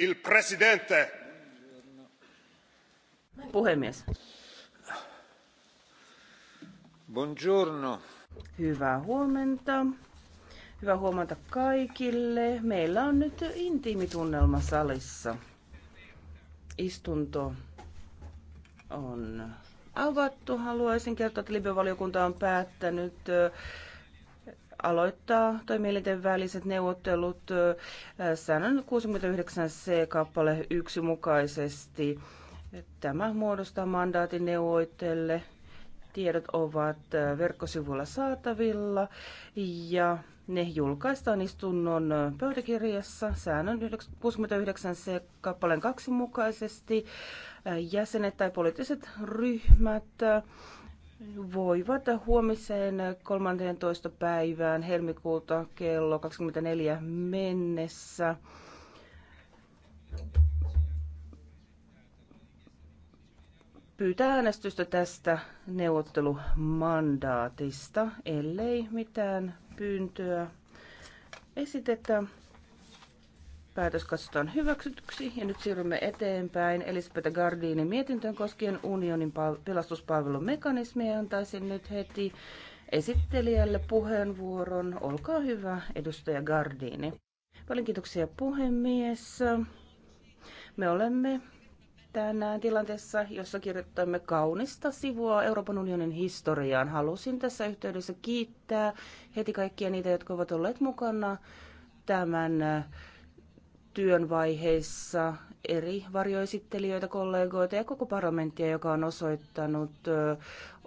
Il presidente. Puhemies. Buongiorno. Hyvää huomenta. Hyvää huomenta kaikille. Meillä on nyt intiimitunnelma salissa. Istunto on avattu. Haluaisin kertoa, että Libyan valiokunta on päättänyt aloittaa toimielinten väliset neuvottelut säännön 69c-kappale 1 mukaisesti. Tämä muodostaa mandaatin neuvoitteelle. Tiedot ovat verkkosivulla saatavilla ja ne julkaistaan istunnon pöytäkirjassa säännön 69c kappaleen 2 mukaisesti. Jäsenet tai poliittiset ryhmät voivat huomiseen 13. päivään helmikuuta kello 24 mennessä pyytää äänestystä tästä neuvottelumandaatista, ellei mitään pyyntöä esitetä. Päätös katsotaan hyväksytyksi ja nyt siirrymme eteenpäin Elisabeth Gardinin mietintöön koskien unionin pelastuspalvelun mekanismia. Antaisin nyt heti esittelijälle puheenvuoron. Olkaa hyvä, edustaja Gardini. Paljon kiitoksia puhemies. Me olemme tänään tilanteessa, jossa kirjoittamme kaunista sivua Euroopan unionin historiaan. Halusin tässä yhteydessä kiittää heti kaikkia niitä, jotka ovat olleet mukana tämän työn vaiheissa eri varjoesittelijöitä, kollegoita ja koko parlamenttia, joka on osoittanut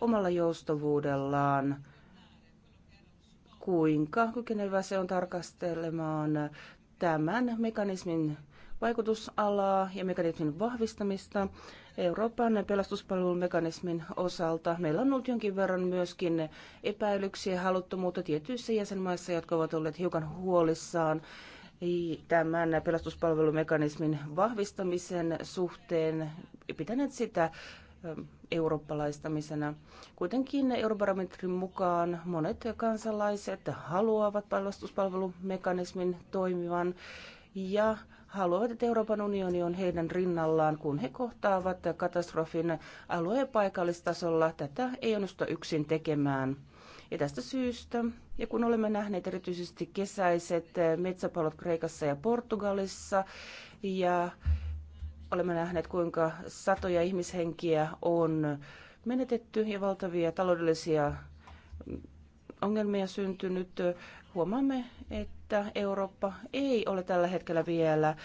omalla joustavuudellaan, kuinka kykenevä se on tarkastelemaan tämän mekanismin vaikutusalaa ja mekanismin vahvistamista Euroopan pelastuspalvelun mekanismin osalta. Meillä on ollut jonkin verran myöskin epäilyksiä ja haluttomuutta tietyissä jäsenmaissa, jotka ovat olleet hiukan huolissaan tämän pelastuspalvelumekanismin vahvistamisen suhteen, pitäneet sitä eurooppalaistamisena. Kuitenkin Eurobarometrin mukaan monet kansalaiset haluavat pelastuspalvelumekanismin toimivan ja haluavat, että Euroopan unioni on heidän rinnallaan, kun he kohtaavat katastrofin alue- ja paikallistasolla. Tätä ei onnistu yksin tekemään. Ja tästä syystä, ja kun olemme nähneet erityisesti kesäiset eh, metsäpalot Kreikassa ja Portugalissa, ja olemme nähneet, kuinka satoja ihmishenkiä on menetetty ja valtavia taloudellisia mm, ongelmia syntynyt, eh, huomaamme, että Eurooppa ei ole tällä hetkellä vielä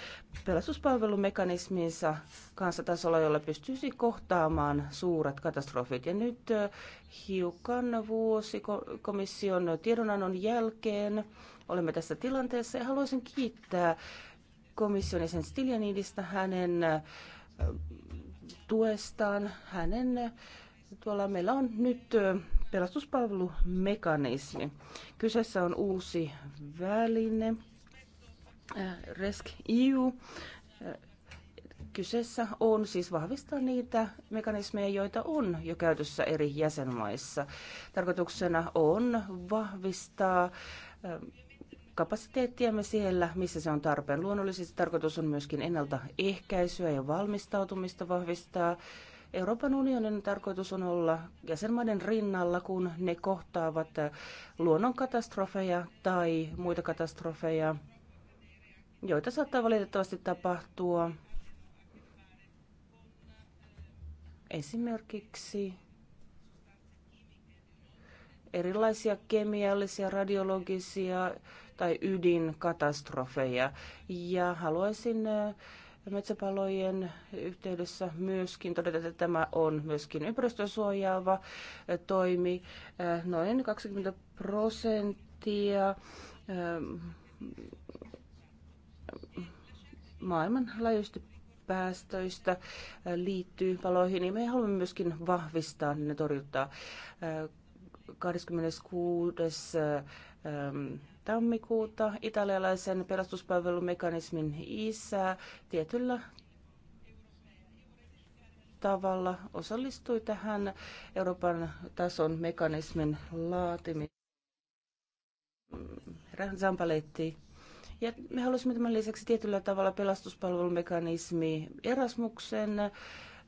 pelastuspalvelumekanisminsa kanssa tasolla, jolla pystyisi kohtaamaan suuret katastrofit. Ja nyt hiukan vuosi komission tiedonannon jälkeen olemme tässä tilanteessa ja haluaisin kiittää komission jäsen Stiljanidista hänen tuestaan. Hänen, tuolla meillä on nyt pelastuspalvelumekanismi. Kyseessä on uusi väline, äh, RESC-EU. Äh, kyseessä on siis vahvistaa niitä mekanismeja, joita on jo käytössä eri jäsenmaissa. Tarkoituksena on vahvistaa äh, kapasiteettiamme siellä, missä se on tarpeen. Luonnollisesti tarkoitus on myöskin ennaltaehkäisyä ja valmistautumista vahvistaa Euroopan unionin tarkoitus on olla jäsenmaiden rinnalla, kun ne kohtaavat luonnonkatastrofeja tai muita katastrofeja, joita saattaa valitettavasti tapahtua esimerkiksi erilaisia kemiallisia, radiologisia tai ydinkatastrofeja. Ja haluaisin äh, metsäpalojen yhteydessä myöskin todeta, että tämä on myöskin ympäristösuojaava toimi. Noin 20 prosenttia maailmanlaajuisesti päästöistä liittyy paloihin, niin me haluamme myöskin vahvistaa niin ne torjuttaa. 26 tammikuuta italialaisen pelastuspalvelumekanismin isä tietyllä tavalla osallistui tähän Euroopan tason mekanismin laatimiseen. Zampaletti. Ja me halusimme tämän lisäksi tietyllä tavalla pelastuspalvelumekanismi Erasmuksen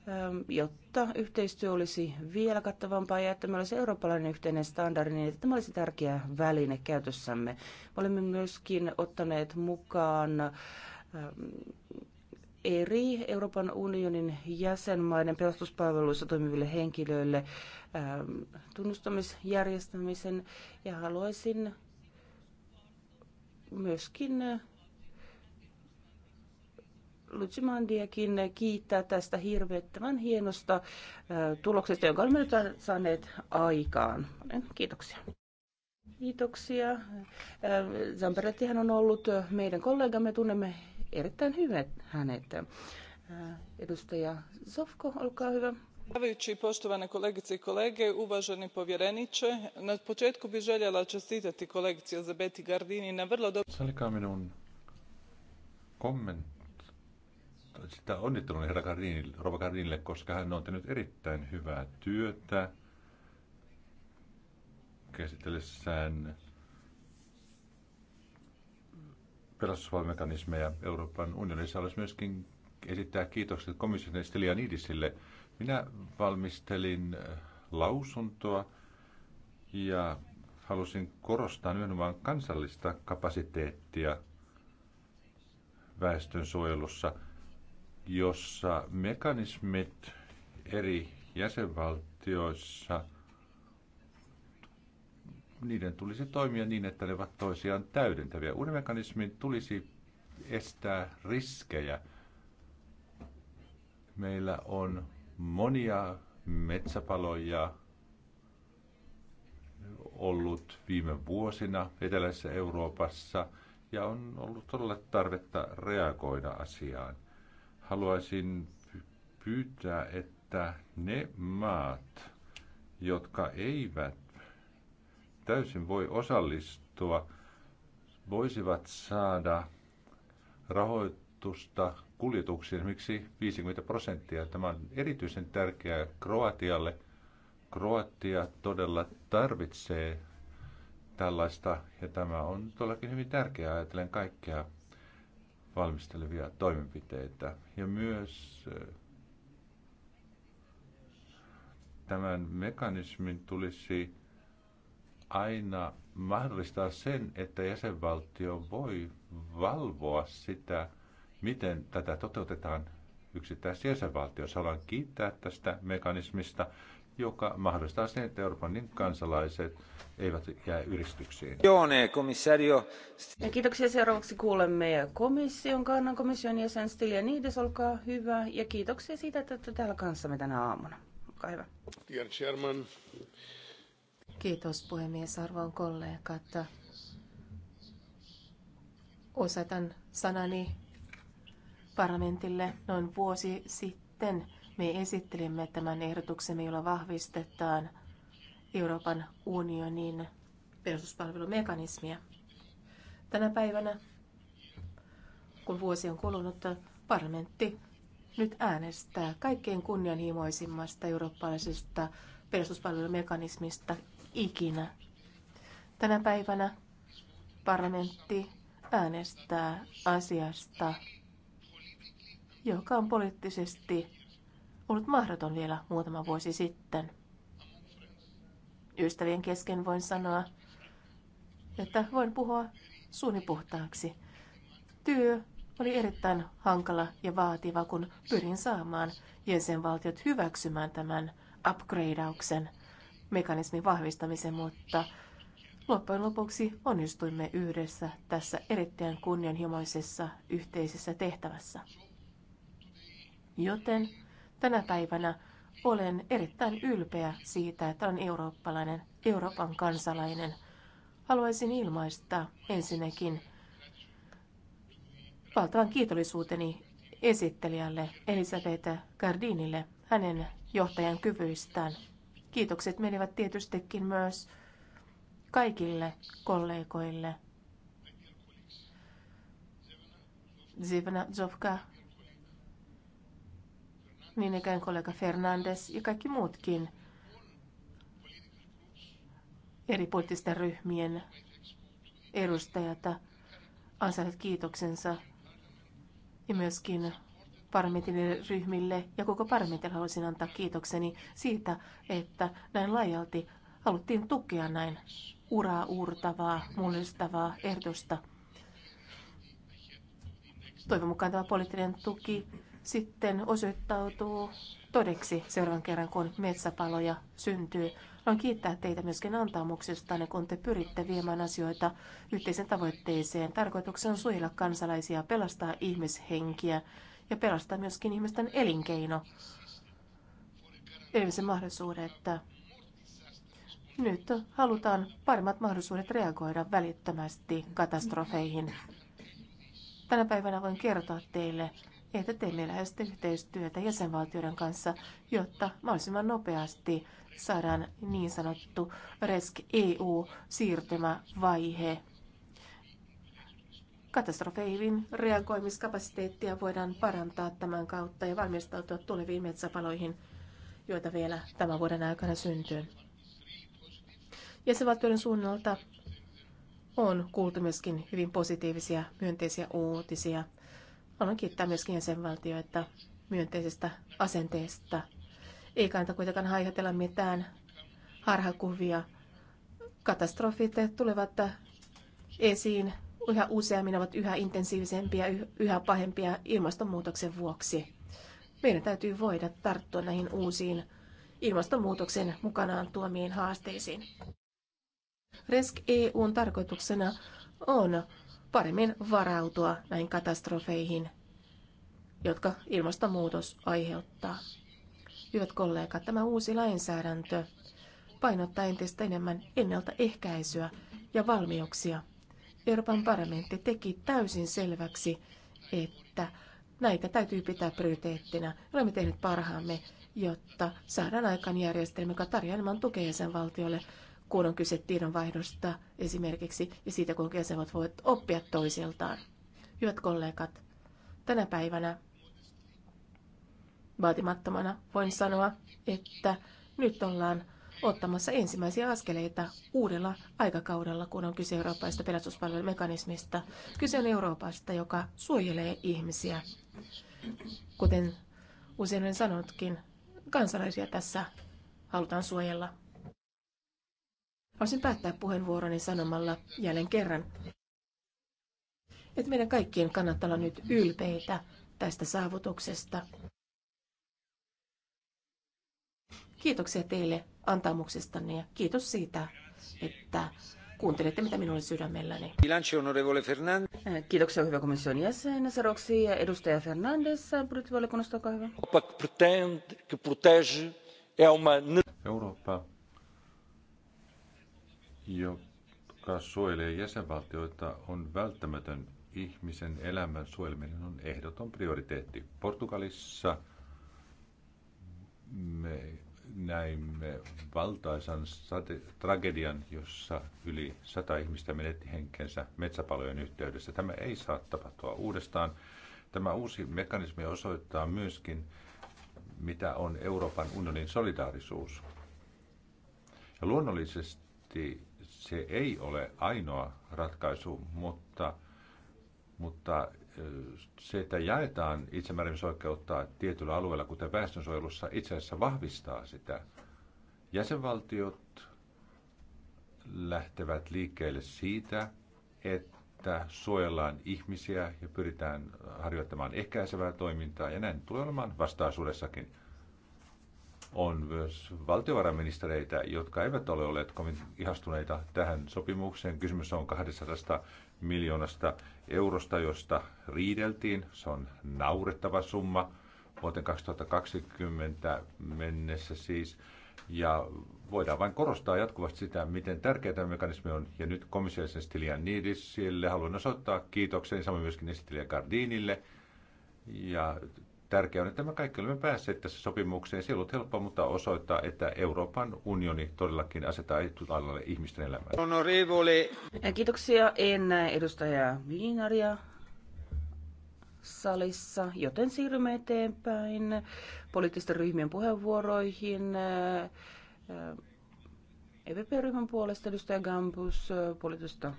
Ähm, jotta yhteistyö olisi vielä kattavampaa ja että meillä olisi eurooppalainen yhteinen standardi, niin että tämä olisi tärkeä väline käytössämme. Olemme myöskin ottaneet mukaan ähm, eri Euroopan unionin jäsenmaiden pelastuspalveluissa toimiville henkilöille ähm, tunnustamisjärjestämisen ja haluaisin myöskin äh, Lutsimandiakin kiittää tästä hirvettävän hienosta tuloksesta, jonka olemme nyt saaneet aikaan. Kiitoksia. Kiitoksia. Zamperettihan on ollut meidän kollegamme, tunnemme erittäin hyvät hänet. Edustaja Sofko, olkaa hyvä. Predsjedavajući, poštovane kolegice i kolege, uvaženi povjereniče, na početku bih željela čestitati kolegici Elzabeti Gardini na vrlo dobro... Sallikaa minun kommentti sitä onnittelun herra Karinille, Rova Karinille, koska hän on tehnyt erittäin hyvää työtä käsitellessään pelastusvalmekanismeja Euroopan unionissa. Haluaisin myöskin esittää kiitokset komission Stelianidisille. Minä valmistelin äh, lausuntoa ja halusin korostaa nimenomaan kansallista kapasiteettia väestönsuojelussa – jossa mekanismit eri jäsenvaltioissa, niiden tulisi toimia niin, että ne ovat toisiaan täydentäviä. Uuden mekanismin tulisi estää riskejä. Meillä on monia metsäpaloja ollut viime vuosina eteläisessä Euroopassa ja on ollut todella tarvetta reagoida asiaan – Haluaisin pyytää, että ne maat, jotka eivät täysin voi osallistua, voisivat saada rahoitusta kuljetuksiin, miksi 50 prosenttia. Tämä on erityisen tärkeää Kroatialle. Kroatia todella tarvitsee tällaista ja tämä on todellakin hyvin tärkeää ajatellen kaikkea valmistelevia toimenpiteitä. Ja myös tämän mekanismin tulisi aina mahdollistaa sen, että jäsenvaltio voi valvoa sitä, miten tätä toteutetaan yksittäisessä jäsenvaltiossa. Haluan kiittää tästä mekanismista joka mahdollistaa sen, että Euroopan kansalaiset eivät jää yristyksiin. Joone, komissario. Ja kiitoksia. Seuraavaksi kuulemme komission kannan komission jäsen Stilja Niides, olkaa hyvä. Ja kiitoksia siitä, että olette täällä kanssamme tänä aamuna. Olkaa hyvä. Dear chairman. Kiitos puhemies, arvon kollegat. Osatan sanani parlamentille noin vuosi sitten – me esittelimme tämän ehdotuksen, jolla vahvistetaan Euroopan unionin perustuspalvelumekanismia. Tänä päivänä, kun vuosi on kulunut, parlamentti nyt äänestää kaikkein kunnianhimoisimmasta eurooppalaisesta perustuspalvelumekanismista ikinä. Tänä päivänä parlamentti äänestää asiasta, joka on poliittisesti ollut mahdoton vielä muutama vuosi sitten. Ystävien kesken voin sanoa, että voin puhua puhtaaksi. Työ oli erittäin hankala ja vaativa, kun pyrin saamaan jäsenvaltiot hyväksymään tämän upgradeauksen mekanismin vahvistamisen, mutta loppujen lopuksi onnistuimme yhdessä tässä erittäin kunnianhimoisessa yhteisessä tehtävässä. Joten Tänä päivänä olen erittäin ylpeä siitä, että olen eurooppalainen, Euroopan kansalainen. Haluaisin ilmaista ensinnäkin valtavan kiitollisuuteni esittelijälle Elisabeth Gardinille hänen johtajan kyvyistään. Kiitokset menivät tietystikin myös kaikille kollegoille. Zivna Zovka niin ikään kollega Fernandes ja kaikki muutkin eri poliittisten ryhmien edustajat ansaitsevat kiitoksensa ja myöskin parlamentin ryhmille ja koko parlamentille haluaisin antaa kiitokseni siitä, että näin laajalti haluttiin tukea näin uraa uurtavaa, mullistavaa ehdosta. Toivon mukaan tämä poliittinen tuki sitten osoittautuu todeksi seuraavan kerran, kun metsäpaloja syntyy. Haluan kiittää teitä myöskin antaamuksestanne, kun te pyritte viemään asioita yhteisen tavoitteeseen. Tarkoituksena on suojella kansalaisia, pelastaa ihmishenkiä ja pelastaa myöskin ihmisten elinkeino. Elimisen mahdollisuuden, että nyt halutaan paremmat mahdollisuudet reagoida välittömästi katastrofeihin. Tänä päivänä voin kertoa teille, että teemme läheistä yhteistyötä jäsenvaltioiden kanssa, jotta mahdollisimman nopeasti saadaan niin sanottu RESC EU-siirtymävaihe. Katastrofeihin reagoimiskapasiteettia voidaan parantaa tämän kautta ja valmistautua tuleviin metsäpaloihin, joita vielä tämän vuoden aikana syntyy. Jäsenvaltioiden suunnalta on kuultu myöskin hyvin positiivisia myönteisiä uutisia – Haluan kiittää myöskin jäsenvaltioita myönteisestä asenteesta. Ei kannata kuitenkaan haihatella mitään harhakuvia. Katastrofit tulevat esiin yhä useammin, ovat yhä intensiivisempiä, yhä pahempia ilmastonmuutoksen vuoksi. Meidän täytyy voida tarttua näihin uusiin ilmastonmuutoksen mukanaan tuomiin haasteisiin. Resk EUn tarkoituksena on paremmin varautua näihin katastrofeihin, jotka ilmastonmuutos aiheuttaa. Hyvät kollegat, tämä uusi lainsäädäntö painottaa entistä enemmän ennaltaehkäisyä ja valmiuksia. Euroopan parlamentti teki täysin selväksi, että näitä täytyy pitää prioriteettina. Olemme tehneet parhaamme, jotta saadaan aikaan järjestelmä, joka tarjoaa enemmän tukea jäsenvaltiolle, kun on kyse tiedonvaihdosta esimerkiksi ja siitä, kuinka jäsenet voivat oppia toisiltaan. Hyvät kollegat, tänä päivänä vaatimattomana voin sanoa, että nyt ollaan ottamassa ensimmäisiä askeleita uudella aikakaudella, kun on kyse eurooppalaisesta pelastuspalvelumekanismista. Kyse on Euroopasta, joka suojelee ihmisiä. Kuten usein olen sanonutkin, kansalaisia tässä halutaan suojella. Haluaisin päättää puheenvuoroni sanomalla jälleen kerran, että meidän kaikkien kannattaa olla nyt ylpeitä tästä saavutuksesta. Kiitoksia teille antamuksestanne ja kiitos siitä, että kuuntelette, mitä minulle sydämelläni. Äh, kiitoksia hyvä komission jäsen Saroksi ja edustaja Fernandes. Budjettivaliokunnasta, olkaa hyvä. Eurooppa joka suojelee jäsenvaltioita, on välttämätön ihmisen elämän suojeleminen on ehdoton prioriteetti. Portugalissa me näimme valtaisan tragedian, jossa yli sata ihmistä menetti henkensä metsäpalojen yhteydessä. Tämä ei saa tapahtua uudestaan. Tämä uusi mekanismi osoittaa myöskin, mitä on Euroopan unionin solidaarisuus. Ja luonnollisesti se ei ole ainoa ratkaisu, mutta, mutta se, että jaetaan itsemääräämisoikeutta tietyllä alueella, kuten väestönsuojelussa, itse asiassa vahvistaa sitä. Jäsenvaltiot lähtevät liikkeelle siitä, että suojellaan ihmisiä ja pyritään harjoittamaan ehkäisevää toimintaa, ja näin tulee olemaan vastaisuudessakin on myös valtiovarainministereitä, jotka eivät ole olleet kovin ihastuneita tähän sopimukseen. Kysymys on 200 miljoonasta eurosta, josta riideltiin. Se on naurettava summa vuoteen 2020 mennessä siis. Ja voidaan vain korostaa jatkuvasti sitä, miten tärkeä tämä mekanismi on. Ja nyt komissiolisen Stilian Niidisille haluan osoittaa kiitoksen, samoin myöskin esittelijä Gardinille ja Tärkeää on, että me kaikki olemme päässeet tässä sopimukseen. Se ei ollut helppoa, mutta osoittaa, että Euroopan unioni todellakin asettaa etutalalle ihmisten elämää. Kiitoksia. En näe edustaja Viinaria salissa, joten siirrymme eteenpäin poliittisten ryhmien puheenvuoroihin. EVP-ryhmän puolesta edustaja Gambus poliittista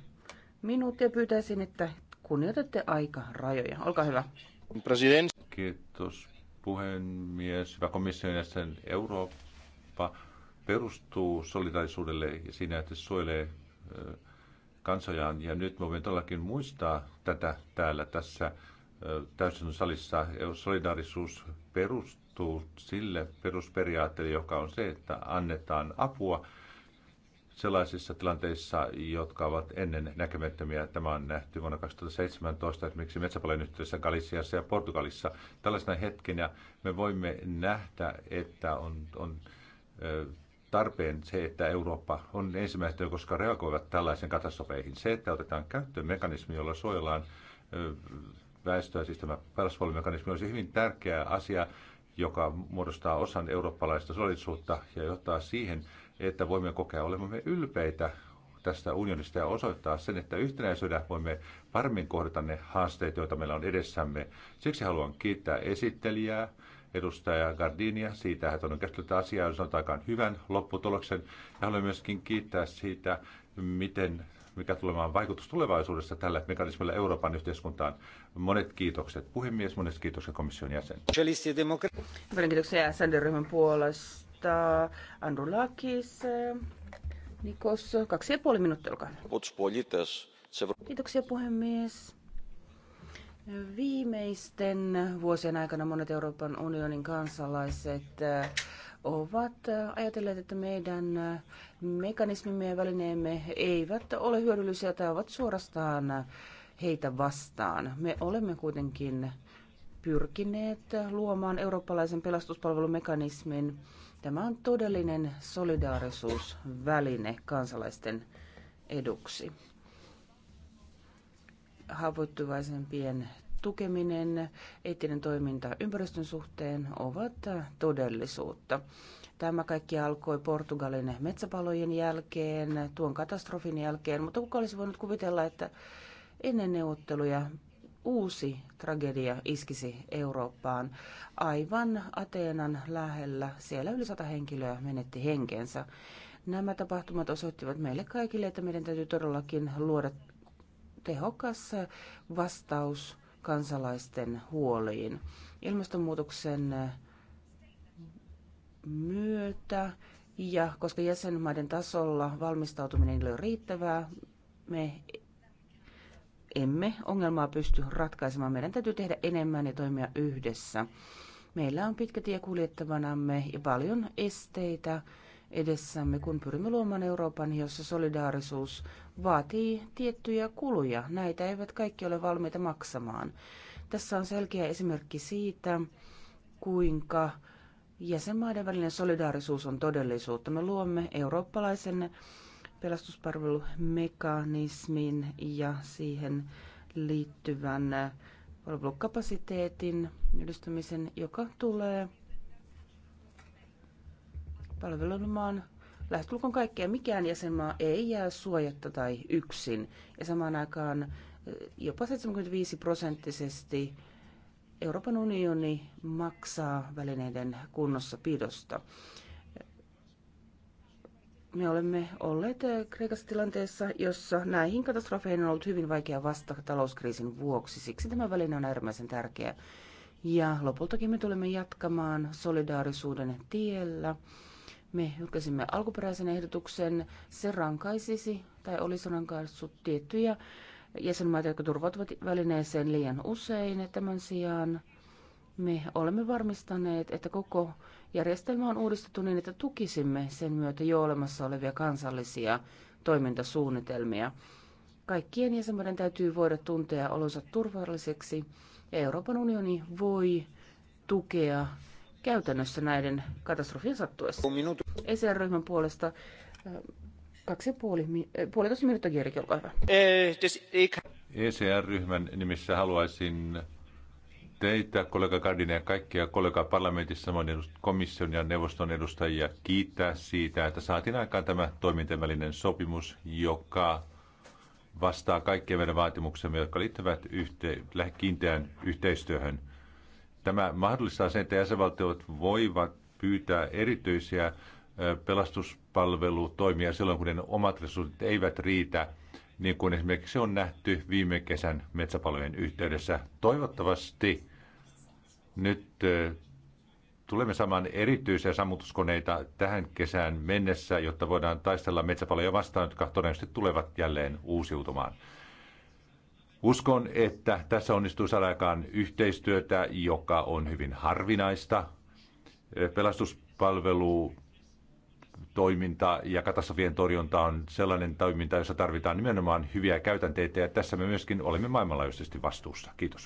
minuuttia. Pyytäisin, että kunnioitatte rajoja. Olkaa hyvä. Kiitos puhemies. Hyvä komission jäsen Eurooppa perustuu solidaisuudelle ja siinä, että se suojelee kansojaan. Ja nyt me voimme todellakin muistaa tätä täällä tässä täysin salissa. Solidaarisuus perustuu sille perusperiaatteelle, joka on se, että annetaan apua – sellaisissa tilanteissa, jotka ovat ennen näkemättömiä. Tämä on nähty vuonna 2017 esimerkiksi metsäpalojen yhteydessä Galiciassa ja Portugalissa. Tällaisena hetkenä me voimme nähdä, että on, on tarpeen se, että Eurooppa on ensimmäistä, koska reagoivat tällaisiin katastrofeihin. Se, että otetaan käyttöön mekanismi, jolla suojellaan väestöä, siis tämä pelastuspuolimekanismi, olisi hyvin tärkeä asia, joka muodostaa osan eurooppalaista solidisuutta ja johtaa siihen, että voimme kokea olemme ylpeitä tästä unionista ja osoittaa sen, että yhtenäisyydellä voimme paremmin kohdata ne haasteet, joita meillä on edessämme. Siksi haluan kiittää esittelijää, edustaja Gardinia siitä, että on käsitellyt asiaa jos on aikaan hyvän lopputuloksen. Ja haluan myöskin kiittää siitä, miten mikä tulemaan vaikutus tulevaisuudessa tällä mekanismilla Euroopan yhteiskuntaan. Monet kiitokset puhemies, monet kiitokset komission jäsen. Paljon kiitoksia SND-ryhmän puolesta aloittaa Andrulakis. Nikos, kaksi ja puoli minuuttia, olkaa hyvä. Kiitoksia puhemies. Viimeisten vuosien aikana monet Euroopan unionin kansalaiset äh, ovat ajatelleet, että meidän mekanismimme ja välineemme eivät ole hyödyllisiä tai ovat suorastaan heitä vastaan. Me olemme kuitenkin pyrkineet luomaan eurooppalaisen pelastuspalvelumekanismin, Tämä on todellinen solidaarisuusväline kansalaisten eduksi. Haavoittuvaisempien tukeminen, eettinen toiminta ympäristön suhteen ovat todellisuutta. Tämä kaikki alkoi Portugalin metsäpalojen jälkeen, tuon katastrofin jälkeen, mutta kuka olisi voinut kuvitella, että ennen neuvotteluja uusi tragedia iskisi Eurooppaan. Aivan Ateenan lähellä siellä yli sata henkilöä menetti henkensä. Nämä tapahtumat osoittivat meille kaikille, että meidän täytyy todellakin luoda tehokas vastaus kansalaisten huoliin. Ilmastonmuutoksen myötä ja koska jäsenmaiden tasolla valmistautuminen ei ole riittävää, me emme ongelmaa pysty ratkaisemaan. Meidän täytyy tehdä enemmän ja toimia yhdessä. Meillä on pitkä tie kuljettavanamme ja paljon esteitä edessämme, kun pyrimme luomaan Euroopan, jossa solidaarisuus vaatii tiettyjä kuluja. Näitä eivät kaikki ole valmiita maksamaan. Tässä on selkeä esimerkki siitä, kuinka jäsenmaiden välinen solidaarisuus on todellisuutta. Me luomme eurooppalaisen pelastuspalvelumekanismin ja siihen liittyvän palvelukapasiteetin yhdistämisen, joka tulee palvelemaan lähestulkoon kaikkea. Mikään jäsenmaa ei jää suojatta tai yksin. Ja samaan aikaan eh, jopa 75 prosenttisesti Euroopan unioni maksaa välineiden kunnossapidosta me olemme olleet eh, Kreikassa tilanteessa, jossa näihin katastrofeihin on ollut hyvin vaikea vastata talouskriisin vuoksi. Siksi tämä väline on äärimmäisen tärkeä. Ja lopultakin me tulemme jatkamaan solidaarisuuden tiellä. Me hylkäsimme alkuperäisen ehdotuksen. Se rankaisisi tai olisi rankaissut tiettyjä jäsenmaita, jotka turvautuvat välineeseen liian usein. Tämän sijaan me olemme varmistaneet, että koko järjestelmä on uudistettu niin, että tukisimme sen myötä jo olemassa olevia kansallisia toimintasuunnitelmia. Kaikkien jäsenmaiden täytyy voida tuntea olonsa turvalliseksi ja Euroopan unioni voi tukea käytännössä näiden katastrofien sattuessa. ECR-ryhmän puolesta äh, kaksi ja puoli, äh, puolitoista minuuttia, Jerki, olkaa hyvä. ECR-ryhmän nimissä haluaisin teitä, kollega Gardinen ja kaikkia kollega parlamentissa, samoin komission ja neuvoston edustajia kiittää siitä, että saatiin aikaan tämä toimintavälinen sopimus, joka vastaa kaikkien meidän vaatimuksemme, jotka liittyvät yhte- kiinteään yhteistyöhön. Tämä mahdollistaa sen, että jäsenvaltiot voivat pyytää erityisiä pelastuspalvelutoimia silloin, kun ne omat resurssit eivät riitä, niin kuin esimerkiksi on nähty viime kesän metsäpalojen yhteydessä. Toivottavasti nyt eh, tulemme saamaan erityisiä sammutuskoneita tähän kesään mennessä, jotta voidaan taistella metsäpaloja vastaan, jotka todennäköisesti tulevat jälleen uusiutumaan. Uskon, että tässä onnistuu saada aikaan yhteistyötä, joka on hyvin harvinaista. Eh, pelastuspalvelu, toiminta ja katastrofien torjunta on sellainen toiminta, jossa tarvitaan nimenomaan hyviä käytänteitä, ja tässä me myöskin olemme maailmanlaajuisesti vastuussa. Kiitos.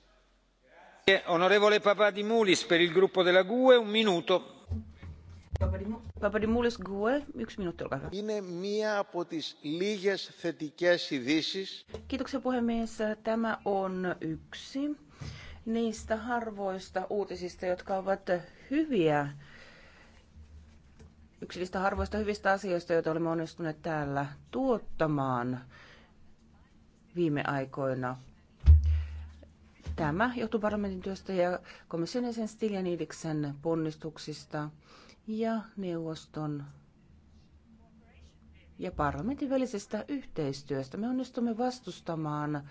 Onorevole Papadimoulis GUE, yksi minuutti, olkaa hyvä. Είναι μία από τις λίγες θετικές ειδήσει. puhemies. Tämä on yksi niistä harvoista uutisista, jotka ovat hyviä yksi niistä harvoista hyvistä asioista, joita olemme onnistuneet täällä tuottamaan viime aikoina. Tämä johtuu parlamentin työstä ja komission jäsen Stiljanidiksen ponnistuksista ja neuvoston ja parlamentin välisestä yhteistyöstä. Me onnistumme vastustamaan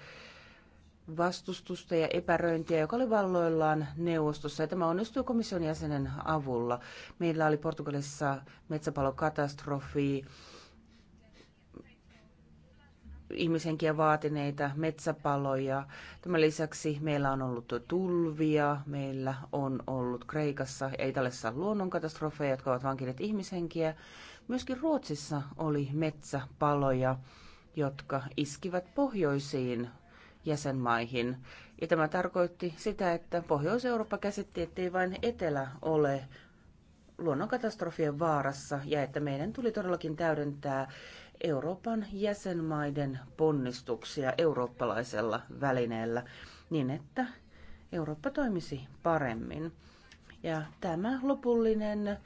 vastustusta ja epäröintiä, joka oli valloillaan neuvostossa. Ja tämä onnistui komission jäsenen avulla. Meillä oli Portugalissa metsäpalokatastrofi, katastrofi ihmisenkiä vaatineita metsäpaloja. Tämän lisäksi meillä on ollut tulvia, meillä on ollut Kreikassa ja Italiassa luonnonkatastrofeja, jotka ovat vankineet ihmishenkiä. Myöskin Ruotsissa oli metsäpaloja, jotka iskivät pohjoisiin jäsenmaihin. Ja tämä tarkoitti sitä, että Pohjois-Eurooppa käsitti, ettei vain etelä ole luonnonkatastrofien vaarassa ja että meidän tuli todellakin täydentää Euroopan jäsenmaiden ponnistuksia eurooppalaisella välineellä niin, että Eurooppa toimisi paremmin. Ja tämä lopullinen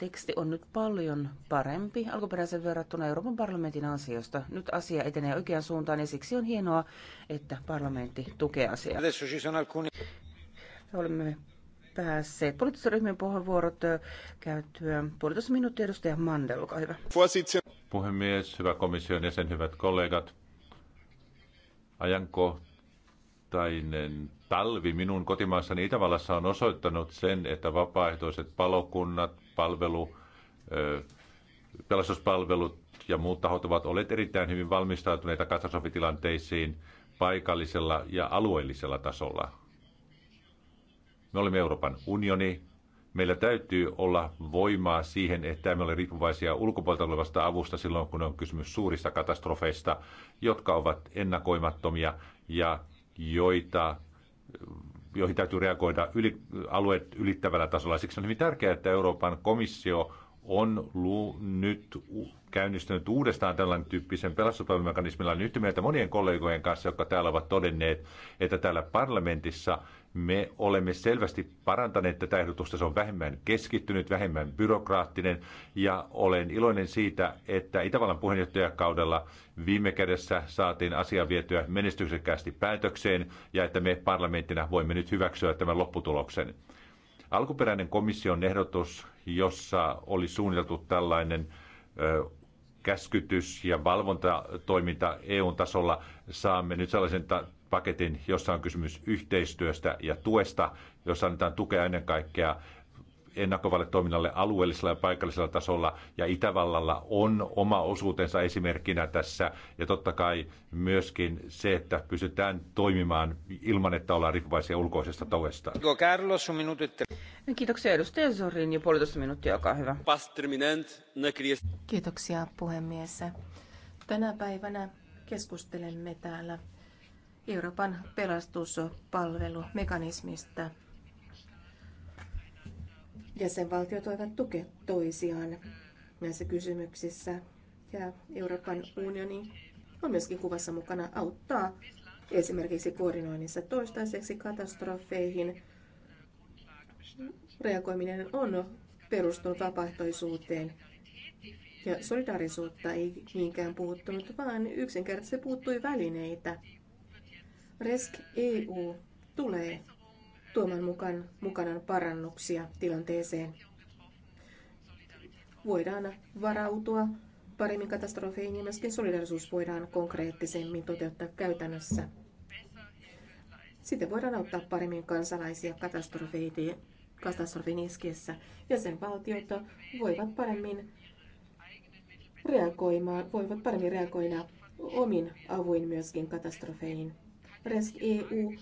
teksti on nyt paljon parempi alkuperäisen verrattuna Euroopan parlamentin ansiosta. Nyt asia etenee oikeaan suuntaan ja siksi on hienoa, että parlamentti tukee asiaa. Olemme päässeet Poliittisryhmien puheenvuorot käyttöä. Puolitoista minuuttia edustaja Mandel, olkaa hyvä. Puhemies, hyvä komission jäsen, hyvät kollegat. Ajankohtainen talvi minun kotimaassani Itävallassa on osoittanut sen, että vapaaehtoiset palokunnat, palvelu, pelastuspalvelut ja muut tahot ovat olleet erittäin hyvin valmistautuneita katastrofitilanteisiin paikallisella ja alueellisella tasolla me olemme Euroopan unioni. Meillä täytyy olla voimaa siihen, että emme ole riippuvaisia ulkopuolelta olevasta avusta silloin, kun on kysymys suurista katastrofeista, jotka ovat ennakoimattomia ja joita joihin täytyy reagoida yli, alueet ylittävällä tasolla. Siksi on hyvin tärkeää, että Euroopan komissio on lu, nyt käynnistynyt uudestaan tällainen tyyppisen pelastuspalvelumekanismilla. nyt monien kollegojen kanssa, jotka täällä ovat todenneet, että täällä parlamentissa – me olemme selvästi parantaneet tätä ehdotusta. Se on vähemmän keskittynyt, vähemmän byrokraattinen ja olen iloinen siitä, että Itävallan puheenjohtajakaudella viime kädessä saatiin asia vietyä menestyksekkäästi päätökseen ja että me parlamenttina voimme nyt hyväksyä tämän lopputuloksen. Alkuperäinen komission ehdotus, jossa oli suunniteltu tällainen käskytys- ja valvontatoiminta eu tasolla, saamme nyt sellaisen ta- paketin, jossa on kysymys yhteistyöstä ja tuesta, jossa annetaan tukea ennen kaikkea ennakkovalle toiminnalle alueellisella ja paikallisella tasolla, ja Itävallalla on oma osuutensa esimerkkinä tässä, ja totta kai myöskin se, että pystytään toimimaan ilman, että ollaan riippuvaisia ulkoisesta tuesta. E Kiitoksia edustaja Zorin, ja puolitoista minuuttia, olkaa hyvä. Kiitoksia puhemies. Tänä päivänä keskustelemme täällä Euroopan pelastuspalvelumekanismista. Jäsenvaltiot voivat tukea toisiaan näissä kysymyksissä ja Euroopan unioni on myöskin kuvassa mukana auttaa esimerkiksi koordinoinnissa toistaiseksi katastrofeihin. Reagoiminen on perustunut vapaaehtoisuuteen ja solidaarisuutta ei niinkään puuttunut, vaan yksinkertaisesti puuttui välineitä Resk EU tulee tuoman mukaan, mukanaan parannuksia tilanteeseen. Voidaan varautua paremmin katastrofeihin ja myöskin solidarisuus voidaan konkreettisemmin toteuttaa käytännössä. Sitten voidaan auttaa paremmin kansalaisia katastrofin iskiessä. Jäsenvaltiot voivat paremmin reagoimaan, voivat paremmin reagoida omin avuin myöskin katastrofeihin. Rest EU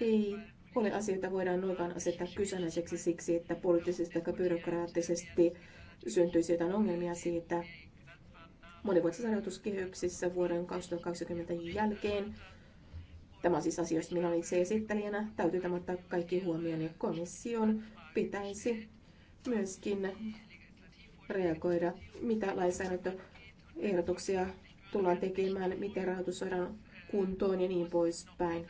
ei ole asioita voidaan noinkaan asettaa kyseenalaiseksi siksi, että poliittisesti tai byrokraattisesti syntyisi jotain ongelmia siitä. Monivuotisessa rahoituskehyksissä vuoden 2020 jälkeen Tämä on siis asia, minä olin itse esittelijänä. Täytyy tämä ottaa kaikki huomioon ja komission pitäisi myöskin reagoida, mitä lainsäädäntöehdotuksia tullaan tekemään, miten rahoitus voidaan kuntoon ja niin poispäin.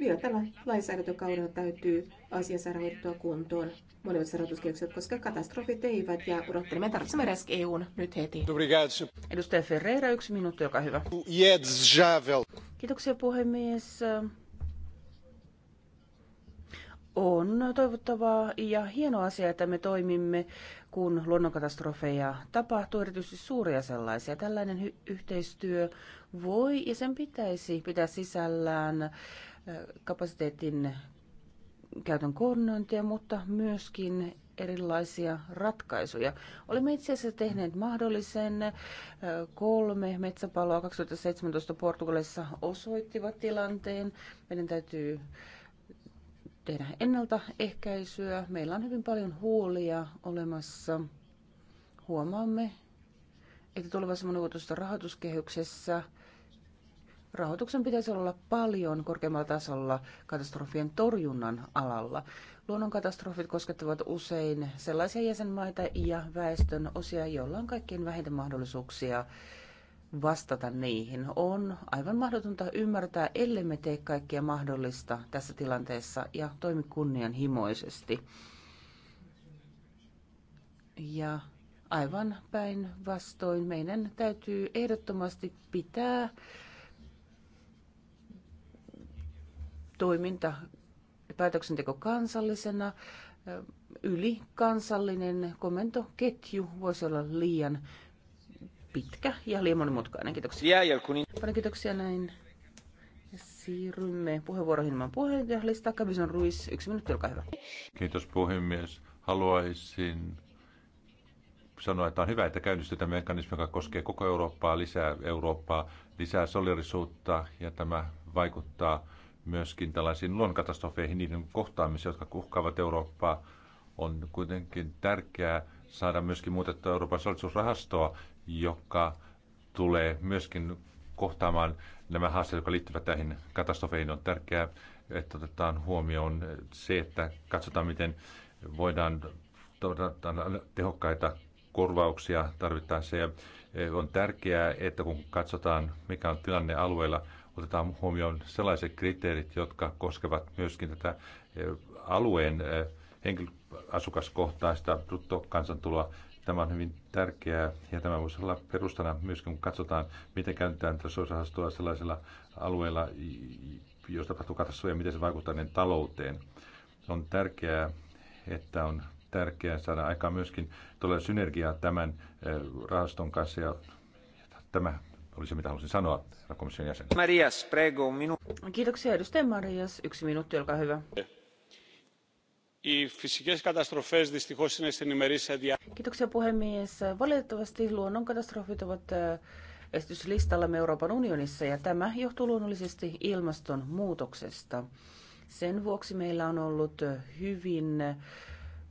Vielä tällä lainsäädäntökaudella täytyy asia saada hoidettua kuntoon monet rahoituskehykset, koska katastrofit eivät ja Me tarvitsemme resk EUn nyt heti. Edustaja Ferreira, yksi minuutti, joka hyvä. Kiitoksia puhemies on toivottavaa ja hieno asia, että me toimimme, kun luonnonkatastrofeja tapahtuu, erityisesti suuria sellaisia. Tällainen hy- yhteistyö voi ja sen pitäisi pitää sisällään äh, kapasiteetin käytön koordinointia, mutta myöskin erilaisia ratkaisuja. Olemme itse asiassa tehneet mahdollisen. Äh, kolme metsäpaloa 2017 Portugalissa osoittivat tilanteen. Meidän täytyy tehdä ennaltaehkäisyä. Meillä on hyvin paljon huolia olemassa. Huomaamme, että tulevassa monivuotoisessa rahoituskehyksessä rahoituksen pitäisi olla paljon korkeammalla tasolla katastrofien torjunnan alalla. Luonnonkatastrofit koskettavat usein sellaisia jäsenmaita ja väestön osia, joilla on kaikkein vähintä mahdollisuuksia vastata niihin. On aivan mahdotonta ymmärtää, me tee kaikkea mahdollista tässä tilanteessa ja toimi kunnianhimoisesti. Ja aivan päinvastoin meidän täytyy ehdottomasti pitää toiminta ja päätöksenteko kansallisena. Ylikansallinen komentoketju voisi olla liian pitkä ja liian monimutkainen. Kiitoksia. Paljon kiitoksia näin. Siirrymme puheenvuoroihin ilman puheenjohtajalista. Kävison Ruiz, yksi minuutti, olkaa hyvä. Kiitos puhemies. Haluaisin sanoa, että on hyvä, että käynnistetään mekanismi, joka koskee koko Eurooppaa, lisää Eurooppaa, lisää solidarisuutta ja tämä vaikuttaa myöskin tällaisiin luonnonkatastrofeihin, niiden kohtaamisiin, jotka uhkaavat Eurooppaa. On kuitenkin tärkeää saada myöskin muutettua Euroopan solidarisuusrahastoa, joka tulee myöskin kohtaamaan nämä haasteet, jotka liittyvät näihin katastrofeihin. On tärkeää, että otetaan huomioon se, että katsotaan, miten voidaan tehokkaita korvauksia tarvittaessa. Ja eh, on tärkeää, että kun katsotaan, mikä on tilanne alueella, otetaan huomioon sellaiset kriteerit, jotka koskevat myöskin tätä eh, alueen eh, henkilöasukaskohtaista bruttokansantuloa Tämä on hyvin tärkeää ja tämä voisi olla perustana myöskin, kun katsotaan, miten käytetään tasoisahastoa sellaisilla alueilla, jos tapahtuu katastrofia, miten se vaikuttaa niiden talouteen. On tärkeää, että on tärkeää saada aikaan myöskin todella synergiaa tämän eh, rahaston kanssa ja tämä oli se, mitä halusin sanoa, komission jäsen. Marias, prego, minu... Kiitoksia, edustaja Marias. Yksi minuutti, olkaa hyvä. Yeah. Kiitoksia puhemies. Valitettavasti luonnonkatastrofit ovat esityslistallamme Euroopan unionissa ja tämä johtuu luonnollisesti ilmastonmuutoksesta. Sen vuoksi meillä on ollut hyvin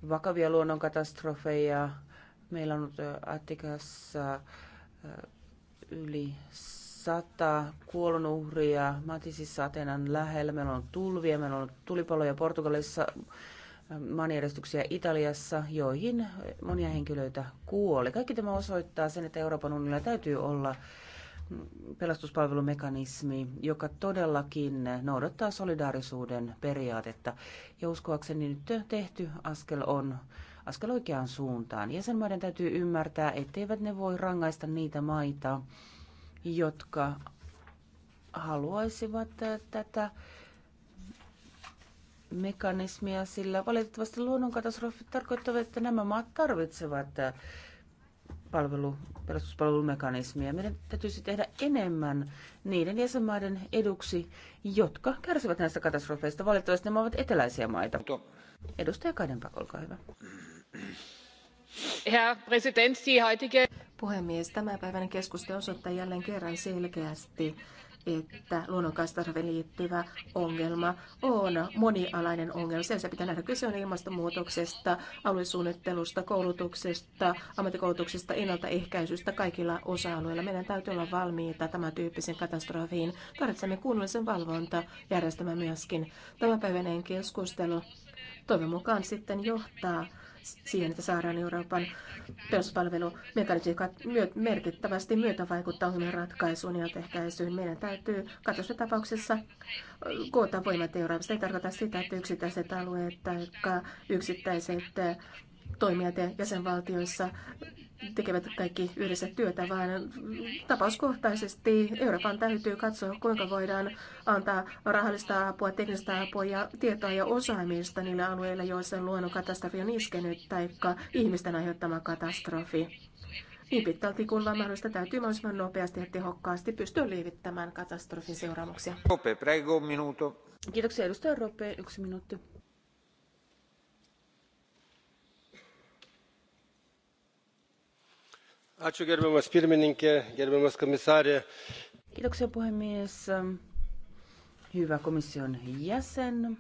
vakavia luonnonkatastrofeja. Meillä on ollut Attikassa yli sata kuolonuhria Matisissa Atenan lähellä. Meillä on tulvia, meillä on tulipaloja Portugalissa, manieristuksia Italiassa, joihin monia henkilöitä kuoli. Kaikki tämä osoittaa sen, että Euroopan unionilla täytyy olla pelastuspalvelumekanismi, joka todellakin noudattaa solidaarisuuden periaatetta. Ja uskoakseni nyt tehty askel on askel oikeaan suuntaan. Jäsenmaiden täytyy ymmärtää, etteivät ne voi rangaista niitä maita, jotka haluaisivat tätä mekanismia, sillä valitettavasti luonnonkatastrofit tarkoittavat, että nämä maat tarvitsevat äh, palvelu, pelastuspalvelumekanismia. Meidän täytyisi tehdä enemmän niiden jäsenmaiden eduksi, jotka kärsivät näistä katastrofeista. Valitettavasti nämä ovat eteläisiä maita. Edustaja Kaidenpak, olkaa hyvä. Herr Präsident, die heutige... Puhemies, tämä päivän keskustelu osoittaa jälleen kerran selkeästi, että luonnonkatastrofeihin liittyvä ongelma on monialainen ongelma. Sen se pitää nähdä kyse on ilmastonmuutoksesta, aluesuunnittelusta, koulutuksesta, ammattikoulutuksesta, ennaltaehkäisystä kaikilla osa-alueilla. Meidän täytyy olla valmiita tämän tyyppisen katastrofiin. Tarvitsemme kunnollisen valvontajärjestelmän myöskin. päiväinen keskustelu toivon mukaan sitten johtaa siihen, että saadaan Euroopan peruspalvelu merkittävästi myötä vaikuttaa ongelmien ratkaisuun ja ehkäisyyn. Meidän täytyy katastrofitapauksessa koota voimat Euroopasta. Ei tarkoita sitä, että yksittäiset alueet tai yksittäiset toimijat jäsenvaltioissa tekevät kaikki yhdessä työtä, vaan tapauskohtaisesti Euroopan täytyy katsoa, kuinka voidaan antaa rahallista apua, teknistä apua ja tietoa ja osaamista niille alueille, joissa luonnonkatastrofi on iskenyt tai ihmisten aiheuttama katastrofi. Niin pitkälti kuin vaan mahdollista täytyy mahdollisimman nopeasti ja tehokkaasti pystyä liivittämään katastrofin seuraamuksia. Rope, prego, Kiitoksia edustaja Rope, yksi minuutti. gerbiamas pirmininke gerbiamas komissaari Kiitoksia puhemies. Hyvä komission jäsen.